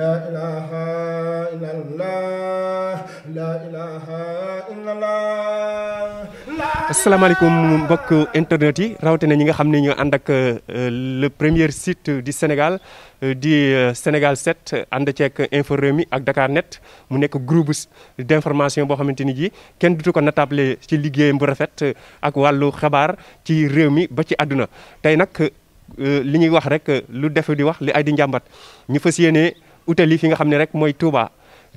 لا إله إلا الله لا إله إلا الله mbokk internet yi rawatina ñi nga xam ne ñu ànd ak euh, le premier site du Sénégal euh, di euh, Sénégal set ànd ceeg info mi ak Dakar Net mu nekk groupe d' information boo xamante ni ji kenn dutu ko natable ci liggéeyam bu rafet ak wàllu xabaar ci réew mi ba ci àdduna tey nag. Euh, li ñuy wax rek euh, lu def di wax li ay di njàmbat ñu fas yéene utali fi nga xam ne rek mooy Touba.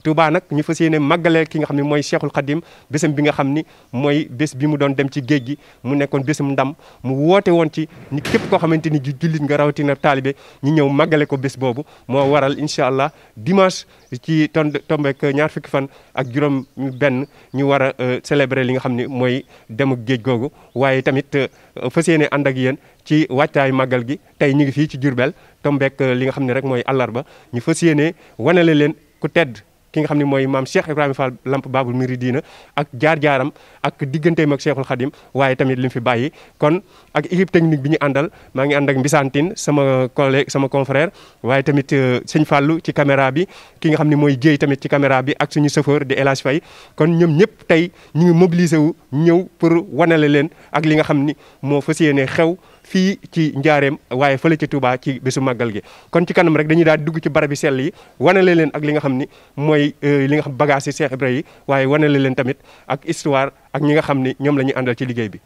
Touba nag ñu fas yéene màggalee ki nga xam ne mooy Cheikhul Khadim bésam bi nga xam ni mooy bés bi mu doon dem ci géej gi mu nekkoon bésam ndam mu woote woon ci ni képp koo xamante ni ju jullit nga rawatina taalibe ñu ñëw màggale ko bés boobu moo waral incha allah dimanche ci ton tombeek ñaar fukki fan ak juróom benn ñu war a euh, célébrer li nga xam ne mooy dem géej googu waaye tamit euh, fas yéene ànd ak yéen ci wàccaayu màggal gi tey ñu ngi fii ci Diourbel tombeek euh, li nga xam ne rek mooy àllarba ñu fas yéene wanale leen ku tedd ki nga xam ne mooy maam Cheikh Ibrahima Fall Lamp miri Mouridina ak jaar-jaaram ak digganteem ak Cheikhul Khadim waaye tamit li mu fi bàyyi kon ak équipe technique bi ñu àndal maa ngi ànd ak Mbisantine sama collègue sama confrère waaye tamit euh, sëñ Fallou ci caméra bi ki nga xam ne mooy Jéy tamit ci caméra bi ak suñu chauffeur de El fay kon ñëm ñëpp tey ñu ngi mobiliser wu ñëw pour wanale leen ak li nga xam ni moo fas yéene xew fii ci njaareem waaye fële ci Touba ci bésu màggal gi kon ci kanam rek dañuy daal dugg ci barabi sell yi wanale leen ak li nga xam ni mooy euh, li nga xam bagage yi Cheikh Ibra yi waaye wanale leen tamit ak histoire ak ñi nga xam ni ñoom la ñuy àndal ci liggéey bi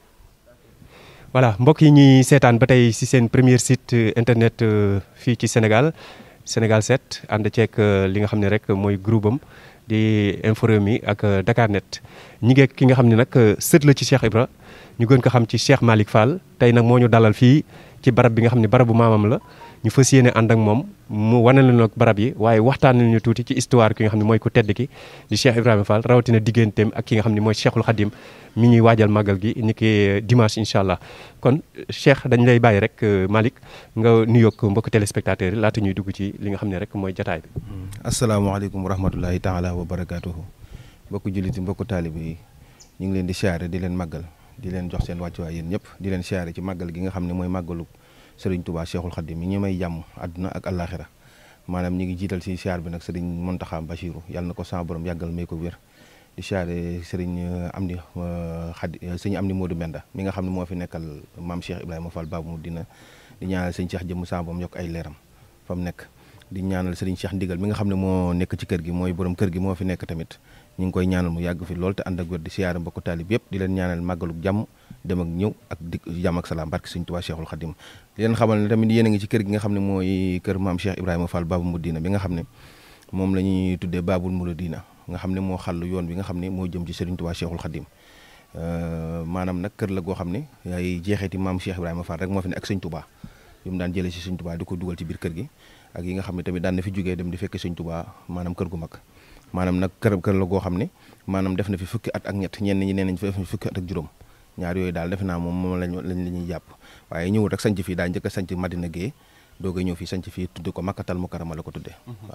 voilà mbokk yi ñuy seetaan ba tey si seen premier site euh, internet euh, fii ci Sénégal Sénégal 7 ànd ceeg li nga xam ne rek mooy groupe am di informer ak euh, Dakar Net ñi ngeeg ki nga xam ni nag euh, sët la ci Cheikh Ibra ñu gën ko xam ci Cheikh Malick Fall tey nag moo ñu dalal fii ci barab bi nga xam ne barabu maamam la ñu fas yéene ànd ak moom mu wane leen ak barab yi waaye waxtaan nañu tuuti ci histoire ki nga xam ne mooy ku tedd ki di Cheikh Ibrahima Fall rawatina digganteem ak ki nga xam ni mooy Cheikhul Khadim mi ñuy waajal màggal gi ni ki euh, dimanche incha allah kon Cheikh dañ lay bàyyi rek Malick nga nuyoog mbokk téléspectateurs yi laata ñuy dugg ci li nga xam ne rek mooy jataay bi asalaamaaleykum wa rahmatulahi taala wa barakaatuhu mbokku jullit yi mbokku taalibe yi ñu ngi leen di siyaare di leen màggal di leen jox seen wàccuwaay yéen ñëpp di leen siyaare ci màggal gi nga xam ne mooy màggalu sëriñ Touba Cheikhul Khadim mi ñi may jàmm àdduna ak àllaaxira maanaam ñu ngi jiital si siyaar bi nag sëriñ Mountakha Bachirou yàlla na ko sa borom yàggal may ko wér di siyaare sëriñ Amdi Xadi euh, euh, sëriñ Amdi Modou mi nga xam ne moo fi nekkal maam Cheikh Ibrahima Fall Babou dina di ñaanal sëriñ Cheikh jëmm sa borom yokk ay leeram fa mu nekk di ñaanal Serigne Cheikh Ndigal mi nga xam ne moo nekk ci kër gi mooy borom kër gi moo fi nekk tamit ñu ngi koy ñaanal mu yàgg fi lool te ànd ak wér di siyaare mbokku taalib yëpp di leen ñaanal màggaluk jàmm ak ñëw ak di jàmm ak salaam barke Serigne Touba Cheikhul Khadim di leen xamal ne tamit yéen a ngi ci kër gi nga xam ne mooy kër maam Cheikh Ibrahima Fall Babou Mouridina bi nga xam ne moom la ñuy baabul Babul Mouridina nga xam ne moo xallu yoon bi nga xam ne moo jëm ci Serigne Touba Cheikhul Khadim euh, maanaam nag kër la goo xam ne yaay jeexeeti maam Cheikh Ibrahima Fall rek moo fi ne ak Serigne Touba daan jëlee ci Serigne di ko dugal ci biir kër gi ak yi nga xam ne tamit daan na fi jógee dem di fekk sëñ Tuubaa maanaam kër gu mag maanaam nag kër la goo xam ne maanaam def na fi fukki at ak ñett ñeen ñi nee nañ fi def na fi fukki at ak juróom ñaar yooyu daal def naa moom moom lañ lañ la ñuy jàpp waaye ñëwut ak sanc fii daa njëkk a sanc Madina Gueye doog a ñëw fii sanc fii tudde ko Makkatal Mukarrama la ko tudde mhm.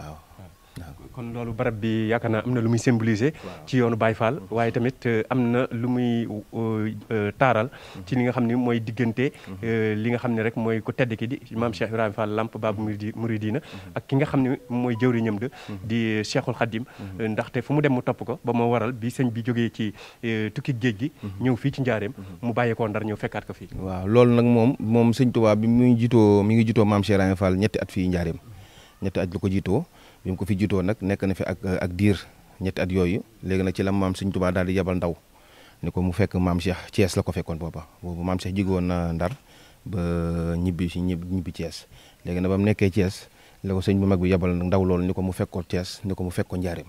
kon loolu barab bi yaakaar naa am na lu muy symboliser ci yoonu Baye mm-hmm. waaye tamit euh, am na lu muy euh, euh, taaral mm-hmm. ci li nga xam ne mooy diggante mm-hmm. li nga xam ne rek mooy ku tedd ki di maam Cheikh Ibrahima Fall Lamp Babu Mouridina ak ki nga xam ne mooy jëwriñam de di Cheikhul Khadim ndaxte fu mu dem mu topp ko ba moo waral bi sëñ bi jógee ci tukki géej gi ñëw fii ci njaareem mu bàyyeekoo ndar ñëw fekkaat ko fii waaw loolu nag moom moom sëñ Tuubaa bi mu ngi mi ngi jitoo maam Cheikh ñetti at fii njaareem ñetti at lu ko jitoo bi mu ko fi jitoo nag nekk na fi ak euh, ak diir ñetti at yooyu léegi nag ci la maam Sëñ Tuubaa daal di yebal ndaw ni ko mu fekk maam Cheikh Thiès la ko fekkoon booba boobu maam Cheikh jóge na Ndar ba ñibbi si ñibbi Thiès léegi nag ba mu nekkee Thiès la ko sëñ bu mag bi yebal ndaw loolu ni ko mu fekk ko Thiès ni ko mu fekk ko Njaareem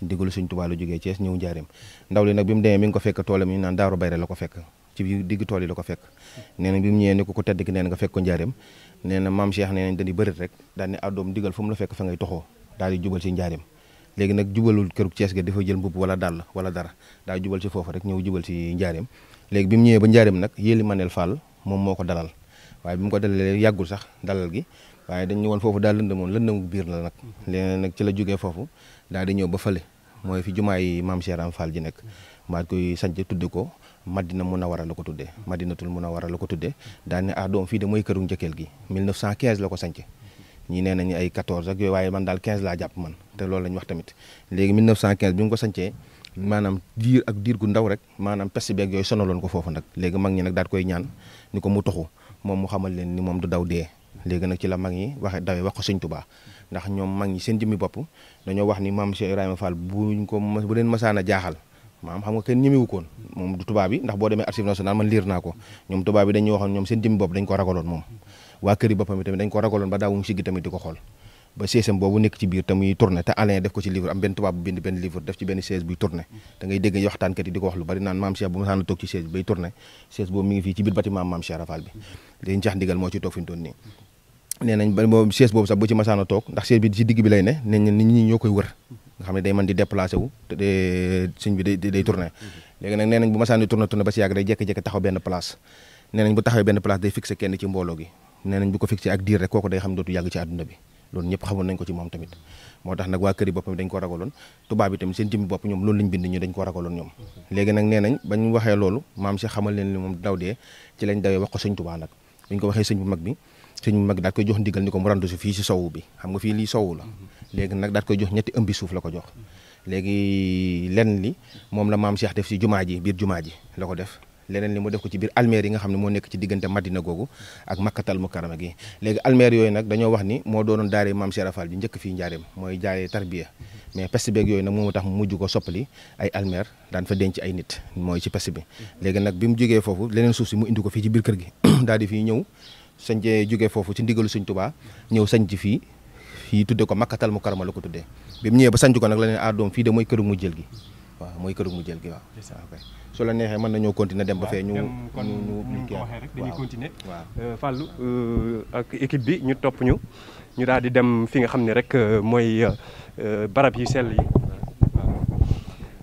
ci ndigalu Sëñ Tuubaa la jógee Thiès ñëw Njaareem ndaw mu demee mi ko fekk toolam ñu naan Daaru Bayre la ko fekk ci ko fekk nee na bi ko ko tedd nee nga fekk ko Njaareem nee na maam Cheikh nee nañ dañuy rek daal ne àddoom digal fu la fekk fa ngay toxo daal di jubal si njaareem léegi nag jubalul kërug Cees gi dafa jël mbubb wala daal wala dara daa jubal si foofu rek ñëw jubal si njaareem léegi bi mu ñëwee ba njaareem nag Yéeli Manel Fall moom moo ko dalal waaye bi mu ko dalalee yàggul sax dalal gi waaye dañ ñëwoon foofu daal lëndamoon lëndamu biir la nag léegi nag ci la jógee foofu daal di ñëw ba fële mooy fi jumaay maam Cheram Fall ji nekk maa koy sanc tudde ko Madina Munawara la ko tuddee Madinatul Munawara la ko tuddee daal ne ah, fii de mooy këru njëkkeel gi 1915 la ko sanc ñii nee nañu ay 14 ak yooyu waaye man daal 15 laa jàpp man te loolu la ñu wax tamit léegi 1915 bi mu ko sancee maanaam diir ak diir gu ndaw rek maanaam peste beeg yooyu sonaloon ko foofu nag léegi mag ñi nag daal koy ko moom mu xamal leen ni moom du daw dee léegi nag ci la mag ñi waxe dawee wax ko sëñ Tuubaa ndax ñoom mag ñi seen jëmmi bopp dañoo wax ni maam Cheikh Ibrahima Fall buñ ko bu leen masaan a jaaxal maam xam nga kenn ñemewu koon moom du tubaab bi ndax boo demee archive nationale man liir naa ko ñoom tubaab bi dañuy waxoon ñoom seen jëmmi bopp dañ ko ragaloon moom waa kër yi boppam tamit dañ ko ragaloon ba daawuñu siggi tamit di ko xool ba CSM boobu nekk ci biir tamuy tourné te Alain def ko ci livre am benn tubaab bu bind benn livre def ci benn chaise boobu sax bu ci masaana toog ndax chaise bi ci digg bi lay ne neñ bu masaana tourné tourné ba si yàgg day jékki-jékki taxaw benn place nee bu taxawee benn place day fixé kenn ci mbooloo gi nee nañ bu ko fixé ak diir rek kooku day xam dootu yàgg ci àdduna bi loolu ñëpp xamoon nañ ko ci moom tamit moo tax nag waa kër yi boppam dañ ko ragaloon tubaab bi tamit bopp ñoom loolu lañ bind ñu dañ ko ragaloon ñoom léegi nag nee nañ bañ waxee loolu maam si xamal leen ni moom daw dee ci lañ dawee wax ko sëñ tubaa nag buñ ko waxee sëñ bu mag bi sëñ bu mag daal koy jox ndigal ni ko mu randu si fii si sowu bi xam nga fii lii sowu la léegi nag daal koy jox ñetti ëmbi suuf la ko jox léegi lenn li moom la maam Cheikh def si jumaa ji biir jumaa ji la ko def leneen li mu def ko ci biir almeer yi nga xam ne moo nekk ci diggante Madina googu ak Makkatal Mukarrama gi léegi almeer yooyu nag dañoo ni moo doonoon daaree maam Cheikh Rafal bi njëkk fii njaareem mooy jaaree tarbiya mais peste beeg yooyu nag moo tax mu mujj ko soppali ay almeer daan fa nit mooy ci peste bi léegi nag bi mu jógee foofu leneen suuf si mu indi ko fii ci biir kër gi daal di fii ñëw foofu ci ndigalu Sëñ Tuubaa ñëw sañ ci fii fii tudde ko Makkatal Mukarrama la ko tuddee bi mu ñëwee ba sañ ko nag la ne ah doom fii de mooy këru mujjël gi waaw mooy këru mu jël gi waaw. Ah, su la neexee mën nañoo continuer dem ba fee ñu. kon ñu ko waxee rek dañuy continuer. waaw euh, Fallou euh, ak équipe bi ñu topp ñu ñu daal di dem fi nga xam ne rek euh, mooy barab yi sell yi.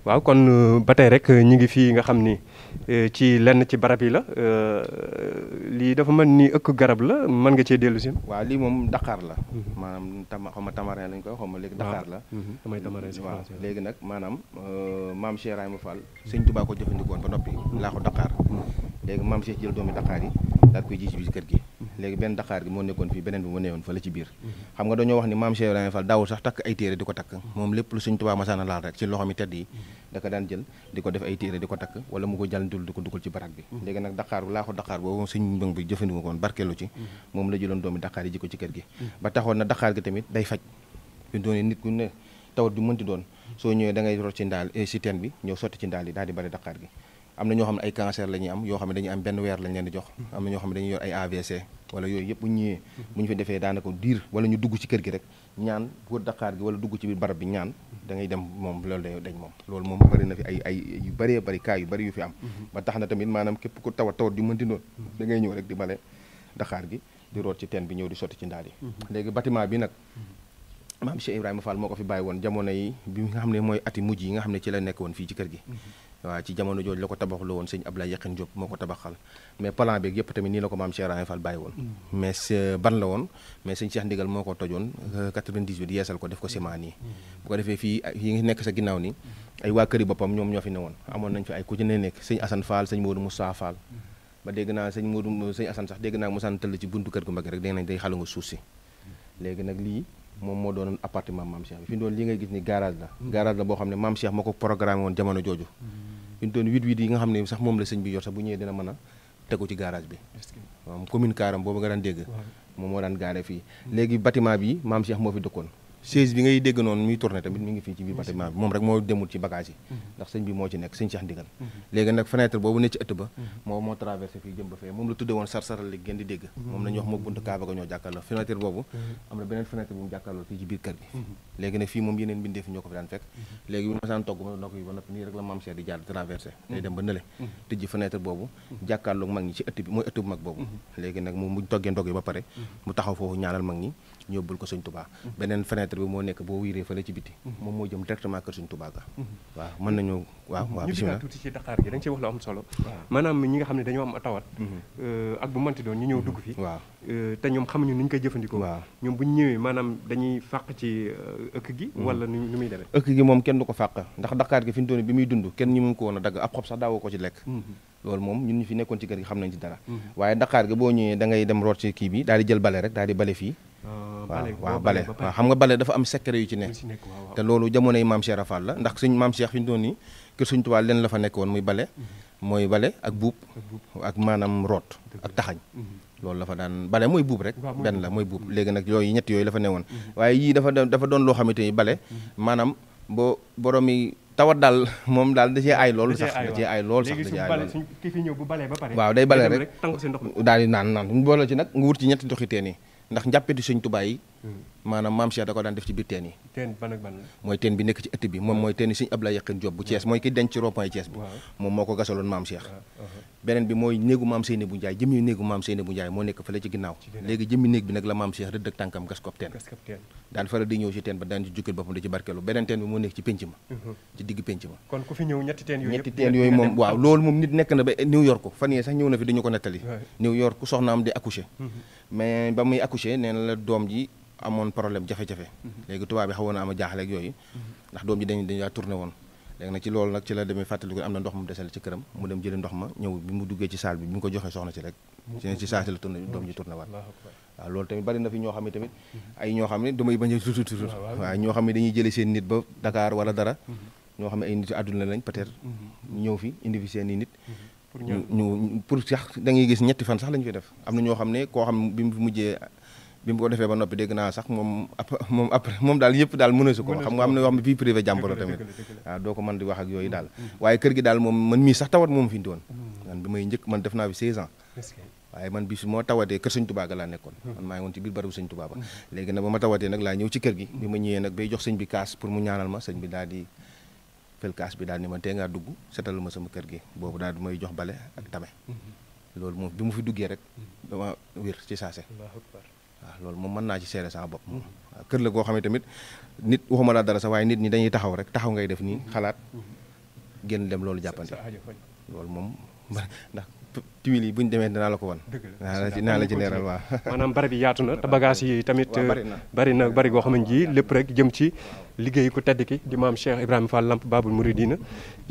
waaw kon ba tey rek ñu ngi fii nga xam ni. Euh, ci lenn ci barab yi la euh, lii dafa mën nii ëkk garab la man nga cee dellu si. waaw lii moom daqaar la. Mhm. maanaam tam xaw ma tamarin lañ koy xaw ma léegi Dakar la. Mhm. damay tamarin si waaw léegi nag maanaam euh, maam Cheikh Ibrahima Fall sëñ Tuubaa ko jëfandikoon ba noppi mhm. laa ko Dakar. léegi maam Cheikh jël doomi Dakar yi daal koy ji ci biir kër gi. léegi benn Dakar gi moo nekkoon fii beneen bi moo newoon fële ci biir. xam nga dañoo wax ni maam Cheikh Ibrahima Fall daawul sax takk ay téere di ko takk. moom lépp lu sëñ Tuubaa masaana laal rek ci loxo mi tedd da ko daan jël di ko def ay téere di ko takk wala mu ko jàllantul di ko dugal ci barak bi mm-hmm. léegi nag daqaar bu laa ko daqaar boobu suñ mbëng bi jëfandikoo koon ci mm-hmm. moom la jëloon doomi daqaar yi ji ko ci kër gi mm-hmm. ba taxoon na daqaar gi tamit day faj fi doone nit ku ne tawat du mënti doon soo ñëwee da ngay rot ci ndaal eh, si teen bi ñëw sotti ci ndaal yi daal di bari daqaar gi am na ñoo xam ne ay cancer la am yoo xam ne dañuy am benn weer lañ leen di jox am na ñoo xam ne dañuy yor ay AVC wala yooyu yëpp bu wala ñu dugg ci kër gi rek ñaan wër daqaar gi wala dugg ci biir barab bi ñaan da ngay dem moom loolu day dañ moom loolu moom bëri na fi ay ay yu bëree bari kaa yu bëri yu fi am mhm. ba tax na tamit maanaam képp ku tawat tawat di mënti doon mhm. da ngay ñëw rek di bale daxaar gi di root ci teen bi ñëw di sotti ci ndaal yi mhm. léegi bâtiment bi nag maam Cheikh Ibrahima Fall moo ko fi bàyyi woon jamono yi bi nga xam ne mooy ati mujj yi nga xam ne ci la nekk woon fii ci kër gi waaw ci jamono jooju la ko tabaxloo woon sëñ Abdoulaye Yakhine Diop moo ko tabaxal mais plan beeg yëpp tamit nii la ko maam Cheikh Rahane bàyyi woon mm. mais ban la woon mais sëñ Cheikh Ndigal moo ko tojoon euh, yeesal ko def ko ciment mm. bu ko defee fii yi ngi nekk sa ginnaaw ni mm. ay waa këri boppam ñoom ñoo fi ne woon amoon nañ fi ay ku ci ne nekk sëñ Assane Fall sëñ Modou Moussa Fall ba dégg naa sëñ Modou sax dégg naa Moussa tëll ci buntu kër gu mag rek ñu doon wit wit yi nga xam ne sax moom la sëñ bi yor sax bu ñëwee dina mën a tegu ci garage bi waaw commune Kaaram boobu nga daan dégg moom moo daan gaare fii léegi bâtiment bi maam Cheikh moo fi dëkkoon chaise bi ngay dégg noonu muy tourné tamit mi ngi fii ci biir bâtiment bi moom rek moo demul ci bagage yi mhm. ndax sëñ bi moo ci nekk sëñ Cheikh Ndigal mhm. léegi nag fenêtre boobu ne mhm. la tudde woon sarsaral li ngeen di dégg moom la ñuy wax moo buntu kaaba ga ñoo jàkkaarloo fenêtre boobu am na beneen fenêtre bu mu jàkkaarloo nag fii moom yeneen mbindee fi ñoo ko fi daan fekk léegi ma yi nii rek la maam Cheikh di jaar traversé day dem ba nële tëjji fenêtre boobu jàkkaarloo mag ñi ci ëtt bi mooy ëtt bu mag boobu léegi nag mu toggee ndog yi ba pare mu taxaw foofu ñaanal mag ñi ñu yóbbul ko sëñ Touba beneen fenêtre bi moo nekk boo wiiree fële ci biti mhm. moom moo jëm directement kër sëñ Touba ga mhm. waaw mën mhm. gi da nga ci wax lu maanaam ñi nga xam ne dañoo am tawat euh, ak bu manti doon ñëw dugg fi waaw euh, te ñoom xamuñu ni ñu koy jëfandikoo ñoom bu ñëwee maanaam dañuy fàq ci euh, ëkk gi wala nu muy demee ëkk gi moom kenn du ko fàq ndax Dakar gi fi ñu doon bi muy dund kenn ñi mun ko woon a dagg ab xob sax daawoo ko ci lekk loolu moom ñun ñu fi nekkoon ci kër gi xam nañ ci dara waaye Dakar gi boo ñëwee da ngay dem root ci kii bi daal di jël bale rek daa di bale fii bale euh, waaw bale waaw xam nga bale dafa am secret yu ci nekk te loolu jamono yi maam Cheikh Rafal la ndax suñ maam Cheikh fi ñu doon nii kër suñ tubaab leen la fa nekk woon muy bale mhm. mooy bale ak buub ak maanaam root ak taxañ mhm. loolu la fa daan bale mooy buub rek benn la mooy buub léegi nag yooyu ñett yooyu la fa newoon mhm. waaye yii dafa dafa doon loo xamante ni bale maanaam boo borom yi tawat daal moom daal da cee da lool sax da cee ba pare waaw day bale rek daal di naan naan boole ci nag nga wut ci ñetti ndoxi ndax njàppetu sëñ Tuubaa yi maanaam maam Cheikh da ko daan def ci biir teen yi mooy teen bi nekk ci ëtt bi moom ah. mooy teen yi suñu Ablaye Yaqin Diop bu Thiès ah. mooy ki denc rond-point Thiès bi moom moo ko gasaloon loolu moom nit nekk na ba New York fan yee sax ñëw na fi dañu ko nettali New York soxnaam di accoucher mhm. mais ba muy accoucher nee la doom ji amoon problème jafe-jafe mhm. léegi tubaab bi xawoon na am a jaaxle ak yooyu mhm. ndax doom ji dañ dañ woon léegi nag ci loolu nag ci la demee fàttaliku am na ndox mu desal ci këram mu dem jëli ndox ma ñëw bi mu duggee ci saal bi bi mu ko joxee soxna si rek ci ci saasi la tourné doom ji tourné waat waaw tamit bari na fi ñoo xam ne tamit mhm. ay ñoo xam ne damay bañ a tutu tutu waaw ñoo xam ne dañuy jëlee seen nit ba Dakar wala dara ñoo xam ne ay nit àdduna lañ peut-être ñëw fi indi fi seen nit ñu pour sax da ngay gis ñetti fan sax lañ fi def am na ñoo xam ne koo xam bi mu mujjee bi mu ko defee ba noppi dégg naa sax moom moom après moom daal yëpp daal mëneesu ko xam nga am na yoo xam ne vie privée jàmbur la tamit waaw doo ko mën di wax ak yooyu mm-hmm. daal waaye kër gi daal moom man mii sax mm-hmm. tawatee kër sëñ Tuubaa mm-hmm. léegi nag ma tawatee nag laa ñëw ci kër gi bi ma ñëwee nag bay jox sëñ bi kaas pour mu ñaanal ma sëñ bi daal di fel kaas bi daal ni ma tee ngaa dugg setal ma kër gi boobu daal di jox bale ak tame loolu moom bi mu fi duggee waaw loolu moom mën naa ci seere sama bopp moom kër la goo xam ne tamit nit waxuma laa dara sax waaye nit ñi dañuy taxaw rek taxaw ngay def nii xalaat génn dem loolu jàppante loolu moom ndax tuile yi bu ñu demee dinaa la ko wan naa la ci leeral waaw maanaam bari bi yaatu na te bagage yi tamit euh, bari na bari goo xam ne lépp rek jëm ci liggéey ku tedd ki di maam Cheikh Ibrahima Fall Lamp Babul Mouridina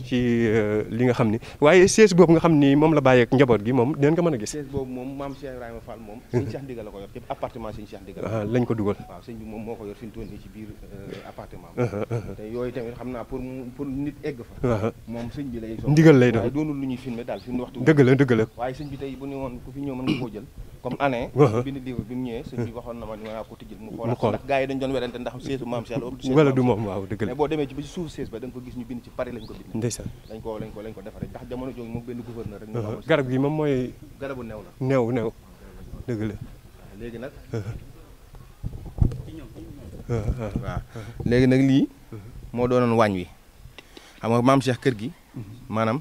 ci euh, li nga xam ni waaye sees boobu nga xam ni moom la bàyyeek njaboot gi moom dinañ ko mën a gis sees boobu moom maam Cheikh Ibrahima Fall moom suñu Cheikh Ndigal la ko yor ci appartement suñu Cheikh Ndigal waaw ah, lañ ko dugal waaw sëñ bi moom moo waaye sëñ bi tey bu ñu woon ku fi ñëw mën nga koo jël comme année bind livre bi mu ñëwee sëñ bi waxoon na ma ni ma ko tijjil mu xool ndax gars yi dañ doon werante ndax seesu maam Cheikh wala du du moom waaw dëgg la léegi nag lii moo doonoon waañ wi xam nga maam seex kër gi uh-huh. maanaam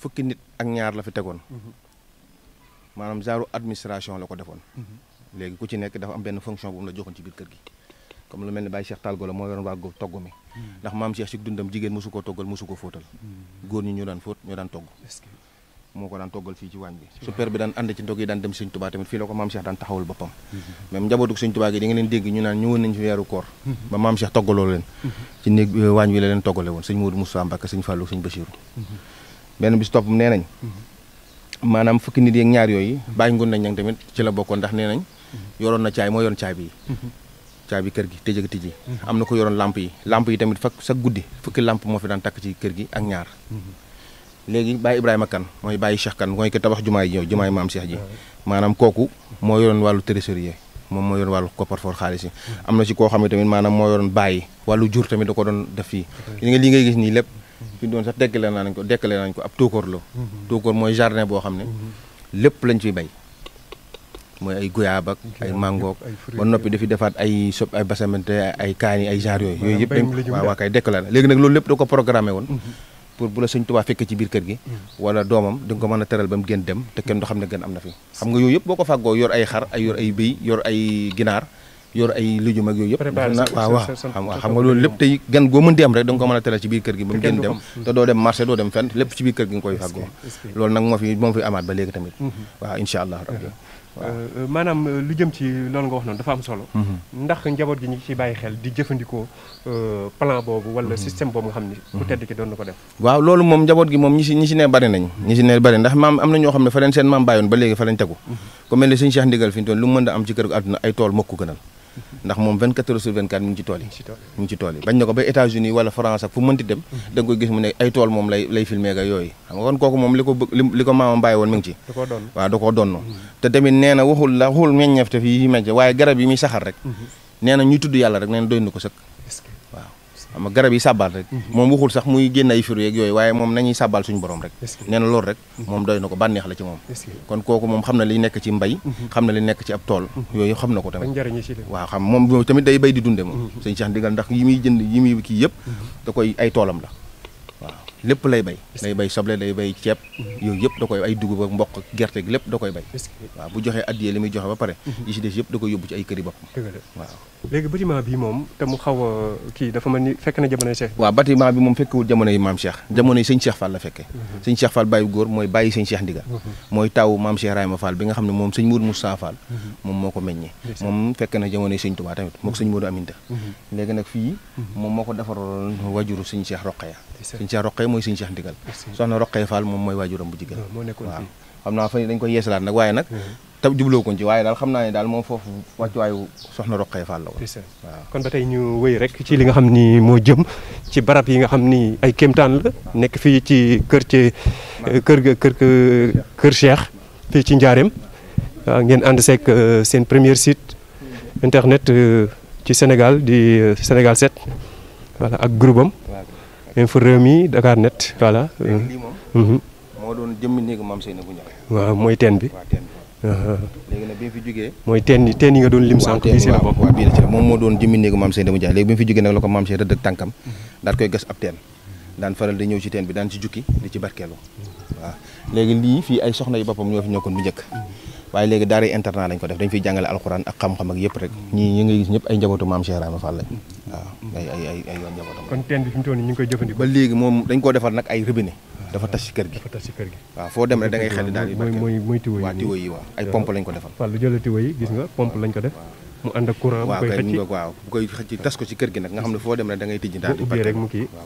fukki nit ak ñaar la fi tegoon uh-huh. maanaam genre administration la ko defoon mhm. léegi ku ci nekk dafa am benn fonction bu mu la joxoon ci biir kër gi comme lu mel ni Baye Cheikh Tall Golo moo yoroon waa góob togg mi mhm. ndax maam Cheikh si dundam jigéen mosu koo ko fóotal mhm. góor ñi ñoo daan fóot ñoo daan togg ko daan toggal fii ci waañ bi su père bi daan ànd ci ndog yi daan dem sëñ tubaa tamit fii la ko maam Cheikh daan taxawul boppam même njabootu sëñ tubaa gi di nga leen dégg ñu naan ñëwoon euh, waañ wi la leen toggale woon sëñ Modou Moussa Mbacke sëñ Fallou sëñ Bachirou benn bis topp nee nañ maanaam fukki nit yeeg ñaar yooyu bàyyi ngoon nañ ñang tamit ci la bokkoon ndax nee nañ yoroon na caay moo yoroon caay bi caabi kër gi tëjëg tëji am na ko yoroon làmp yi làmp yi tamit fak sa guddi fukki làmp moo fi daan takk ci kër gi ak ñaar léegi Baye Ibrahima Kane mooy Baye Cheikh Kane mooy ko tabax jumaay yow jumaay maam Cheikh ji maanaam kooku moo yoroon wàllu trésorier moom moo yoroon wàllu coffre xaalis yi am na ci koo xam ne tamit maanaam moo yoroon bàyyi wàllu jur tamit da ko doon def fii li ngay gis nii lépp fi doon sax dekkale nañ ko dekkale nañ ko ab tuukóor la mhm. tuukóor mooy jardin boo xam ne mhm. lépp lañ ciy bay mooy ay guyaab ak ay mangoog ba noppi dafi defaat ay sob ay basamante ay kaani ay genre yooyu yooyu yëpp dañ waaw waa kay dekkale la léegi nag loolu lépp da ko programmé woon mhm. pour bu la sëñ Tuubaa fekkee ci biir kër gi wala doomam di ko mën a teral ba mu gën dem te kenn du xam ne gën am na fi xam nga yooyu yëpp boo ko fàggoo yor ay xar ay yor ay béy yor ay ginaar yor ay lijum ak yooyu yëpp waaw waaw xam nga loolu lépp tey gan goo mënti am rek da ko mën a teral ci biir kër gi ba mu génn dem te doo dem marché doo dem fenn lépp ci biir kër gi nga koy fàggoo loolu nag mhm. euh, maanaam euh, jëm ci loolu nga wax noonu dafa am solo mhm. ndax njaboot gi ñu ngi ciy bàyyi xel di jëfandikoo euh, plan boobu wala mhm. système boobu nga xam ni ku tedd ki doon na ko def waaw loolu moom njaboot gi moom ñi si ñi si ne bari nañ ñi si ne bari ndax maam am na ñoo xam ne fa leen seen maam bàyyoon ba léegi fa am ci kër gu àdduna ay tool mokk gënal ndax moom 24 heures sur 24 mi ngi yi mi ngi ci tool yi bañ na ko ba États-Unis wala France ak fu mënti dem mm-hmm. da koy gis mu ne ay tool moom lay lay filmer yooyu xam nga kon kooku moom li ko maamam bàyyi woon mi ngi ci waaw da koo donn mm-hmm. te tamit nee na waxul la waxul meññeef te fi yi waaye garab yi muy saxar rek mm-hmm. nee na ñuy tudd yàlla rek nee na doy na ko sëkk xam garab yi sàbbaal rek mhm. moom waxul sax muy génn ay firu yeeg yooyu waaye moom nañuy sàbbaal suñu borom rek nee na loolu rek moom doy na ko bànneex la ci moom kon kooku moom xam na li nekk ci mbay mhm. xam na li nekk ci ab tool mhm. yooyu xam na ko tamit waaw xam moom tamit day bay di dunde moom sëñ Cheikh ndigal ndax yi muy jënd yi muy kii yëpp da koy ay toolam la lépp lay bay day bay soble day bay ceeb mhm. yooyu yëpp da koy ay dugub ak mboq gerte gi lépp da koy bay waaw bu joxee addiyee li muy joxe ba pare mhm. yi si des yëpp da koy yóbbu ci ay këri boppam waaw léegi bâtiment bi moom mu xaw a kii dafa mel ni fekk na jamonoy Cheikh waaw bâtiment bi moom fekkewul jamono yi maam Cheikh mhm. jamono yi sëñ Cheikh Fall la fekkee sëñ Cheikh Fall bàyyi góor mooy bàyyi sëñ Cheikh Ndiga mooy taw maam Cheikh Rahima Fall bi nga xam ne moom sëñ Mourou Moussa Fall moom moo ko meññee moom fekk na jamono yi sëñ Touba tamit moo ko sëñ Mourou Aminta léegi nag fii moom moo ko defaroon wajuru sëñ Cheikh Roqaya suñ Cheikh Roqee mooy suñ Cheikh Ndigal soxna Roqee Fall moom mooy waajuram bu jigéen ah, waaw xam naa fa dañ koy yeesalaat nag waaye nag mm-hmm. tab jubloo ko ci waaye daal xam naa ne daal moom foofu wàccuwaayu soxna Roqee Fall la waaw kon ba tey ñu wëy rek ci li nga xam ni moo jëm ci barab yi nga xam ni ay kéemtaan la nekk fii ci kër ci kër kër kër Cheikh fii ci Njaareem waaw ah, ngeen ànd seek euh, seen premier site internet euh, ci Sénégal di euh, Sénégal 7 voilà ak groupe info réew mi Dakar net voilà. Euh, moom. Mhm. moo doon jëmmi néegu maam Seyna bu Ndiaye. waaw mooy teen bi. bi mu fi jógee mooy teen yi teen yi nga doon lim sànq bii si la moom moo doon jëmmi néegu maam Seyna bu Ndiaye léegi bi mu fi jógee nag la ko maam Seyna rëdd ak tànkam daal koy gas ab teen daan faral di ñëw ci teen bi daan ci jukki di ci barkeelu waaw léegi lii fii ay soxna yi boppam ñoo fi ñoo kon bu njëkk waaye léegi daara internat lañ ko def dañ fiy jàngale alxuraan ak xam-xam ak yëpp rek ñii ñi ngay gis ñëpp ay njabootu maam Cheikh Ibrahima Fall lañ waaw ay ay ay ay yoon nag ay robinet dafa dafa tas ci kër gi waaw foo dem rek da xel daal mooy tiwo yi waaw ay pompe lañ ko defal Fall lu jëlee tiwo yi gis nga pompe lañ ko def mu ànd ak courant bu koy xëcc tas ko ci kër gi nag nga xam ne foo dem rek da ngay tijji daal di rek